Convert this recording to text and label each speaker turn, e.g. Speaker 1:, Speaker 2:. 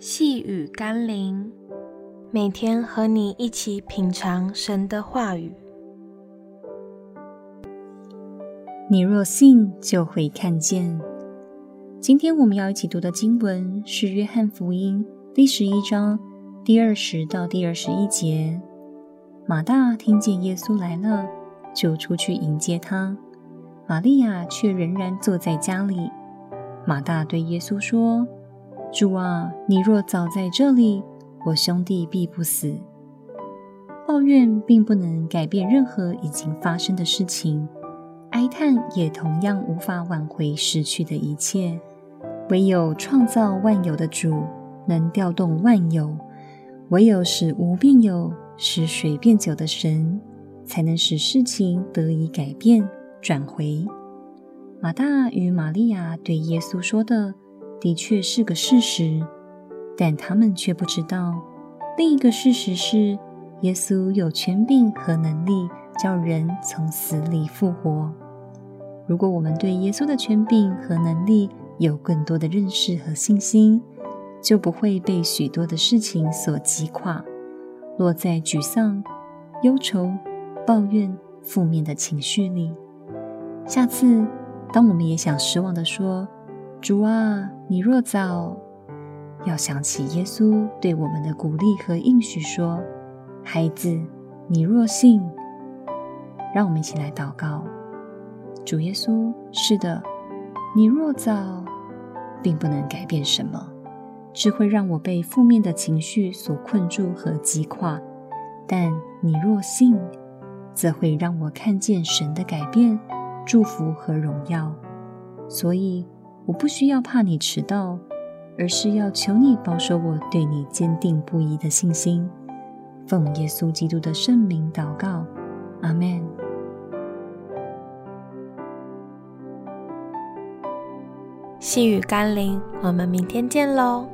Speaker 1: 細語甘霖，每天和你一起品嘗神的話語。你若信，就會看見。今天我們要一起讀的經文是《約翰福音》第十一章第二十到第二十一節。馬大聽見耶穌來了，就出去迎接他；馬利亞卻仍然坐在家裡。馬大對耶穌說。主啊，你若早在這裡，我兄弟必不死。抱怨並不能改變任何已經發生的事情，哀嘆也同樣無法挽回失去的一切。唯有創造萬有的主能調動萬有，唯有使無變有、使水變酒的神，才能使事情得以改變、轉回。馬大與瑪利亞對耶穌說的。的確是個事實，但他們卻不知道，另一個事實是，耶穌有權柄和能力叫人從死裡復活。如果我們對耶穌的權柄和能力有更多的認識和信心，就不會被許多的事情所擊垮，落在沮喪、憂愁、抱怨、負面的情緒裡。下次，當我們也想失望地說，主啊，你若早，要想起耶穌對我們的鼓勵和應許，說：“孩子，你若信。”讓我們一起來禱告。主耶穌，是的，你若早並不能改變什麼，只會讓我被負面的情緒所困住和擊垮；但你若信，則會讓我看見神的改變、祝福和榮耀。所以，我不需要怕你遲到，而是要求你保守我對你堅定不移的信心。奉耶穌基督的聖名禱告，阿門。細語甘霖，我們明天見嘍。